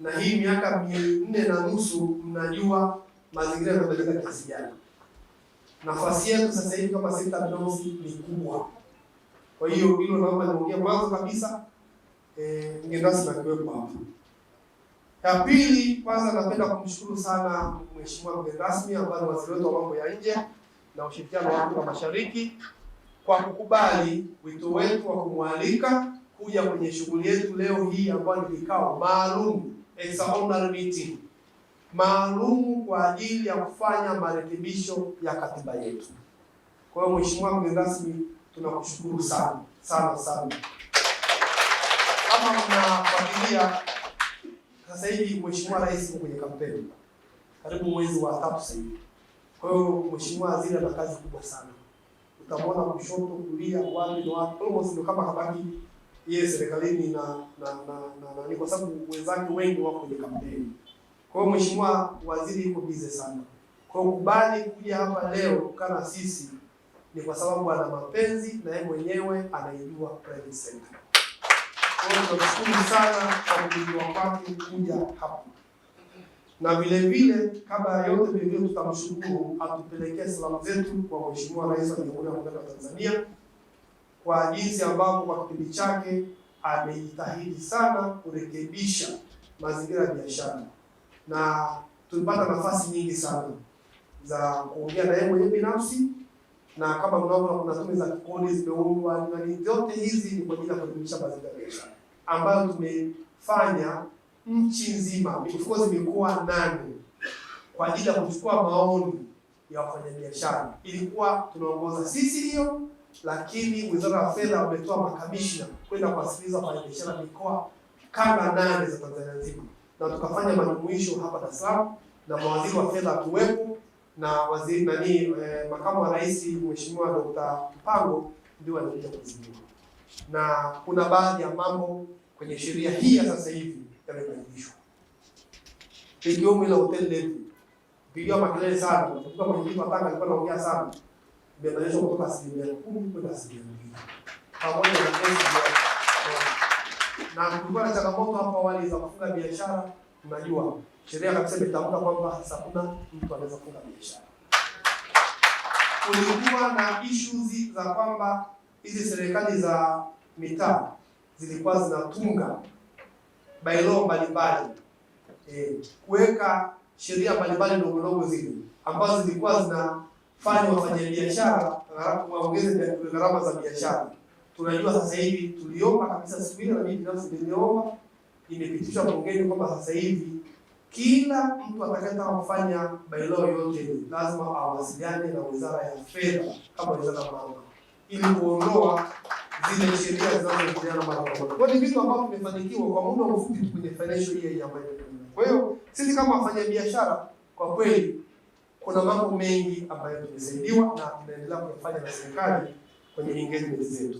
na hii miaka minne na nusu, mnajua mazingira yanabadilika kiasi gani. Nafasi yetu sasa hivi kama sekta binafsi ni kubwa, kwa hiyo hilo naomba niongee mwanzo kabisa. E, mgeni rasmi akiwepo hapa. Ya pili, kwanza napenda kumshukuru sana mheshimiwa mgeni rasmi ambaye ni waziri wetu wa mambo ya nje na ushirikiano wa Afrika Mashariki kwa kukubali wito wetu wa kumwalika kuja kwenye shughuli yetu leo hii ambayo ni kikao maalum extraordinary meeting maalumu kwa ajili ya kufanya marekebisho ya katiba yetu. Kwa hiyo Mheshimiwa mgeni rasmi, tunakushukuru sana sana sana. Kama mnafuatilia sasa hivi Mheshimiwa Rais kwenye kampeni karibu mwezi wa tatu sasa hivi. Kwa hiyo Mheshimiwa Waziri ana kazi kubwa sana, utamwona kushoto, kulia, wapi na wapi, almost ndio kama kabaki yeye serikalini na na na na, kwa sababu wenzangu wengi wako kwenye kampeni. Kwa hiyo mheshimiwa waziri yuko bize sana. Kwa kubali kuja hapa leo kana sisi ni kwa sababu ana mapenzi na yeye mwenyewe anaijua private sector. Kwa hiyo tunashukuru sana kwa kujua kwake kuja hapa na vile vile, kabla yote, vile tutamshukuru atupelekee salamu zetu kwa mheshimiwa Rais wa Jamhuri ya Muungano wa Tanzania kwa jinsi ambavyo kwa kipindi chake amejitahidi sana kurekebisha mazingira ya biashara, na tulipata nafasi nyingi sana za kuongea na yeye mwenyewe binafsi, na kama mnaona kuna tume za kikodi zimeundwa, na vyote hizi ni kwa ajili ya kurekebisha mazingira ya biashara ambayo tumefanya nchi nzima. Mifuko zimekuwa nane kwa ajili ya kuchukua maoni ya wafanyabiashara, ilikuwa tunaongoza sisi hiyo lakini wizara ya fedha wametoa makamishna kwenda kuwasikiliza wafanyabiashara mikoa kanda nane za Tanzania nzima, na tukafanya majumuisho hapa Dar es Salaam na mawaziri wa fedha akiwepo na waziri nani eh, makamu wa rais Mheshimiwa Dr. Mpango ndio anakuja kuzindua, na kuna baadhi ya mambo kwenye sheria hii ya sasa hivi yamebadilishwa, ikiwemo ile hotel levy. Mpigiwa makelele sana, kwa mpigiwa makelele, alikuwa anaongea sana imeboreshwa kutoka asilimia kumi kwenda asilimia mbili pamoja na na kulikuwa na changamoto hapo awali za kufunga biashara. Unajua sheria kabisa imetamka kwamba hakuna mtu anaweza kufunga biashara. Kulikuwa na issues za kwamba hizi serikali za mitaa zilikuwa zinatunga bailo mbalimbali e, kuweka sheria mbalimbali ndogo ndogo zile ambazo zilikuwa zina fanya wafanyabiashara waongeze gharama za biashara. Tunajua sasa hivi tuliomba kabisa siku ile, na mimi binafsi nimeomba, imepitishwa bungeni kwamba sasa hivi kila mtu atakayetaka kufanya bailo yote lazima awasiliane na Wizara ya Fedha kama wizara ya mambo ili kuondoa zile sheria zinazohusiana mara kwa mara. Kwa hiyo ni vitu ambavyo vimefanikiwa kwa muda mfupi kwenye financial year hii ambayo. Kwa hiyo sisi kama wafanyabiashara kwa kweli kuna mambo mengi ambayo tumesaidiwa na tunaendelea kufanya na serikali kwenye engagement zetu.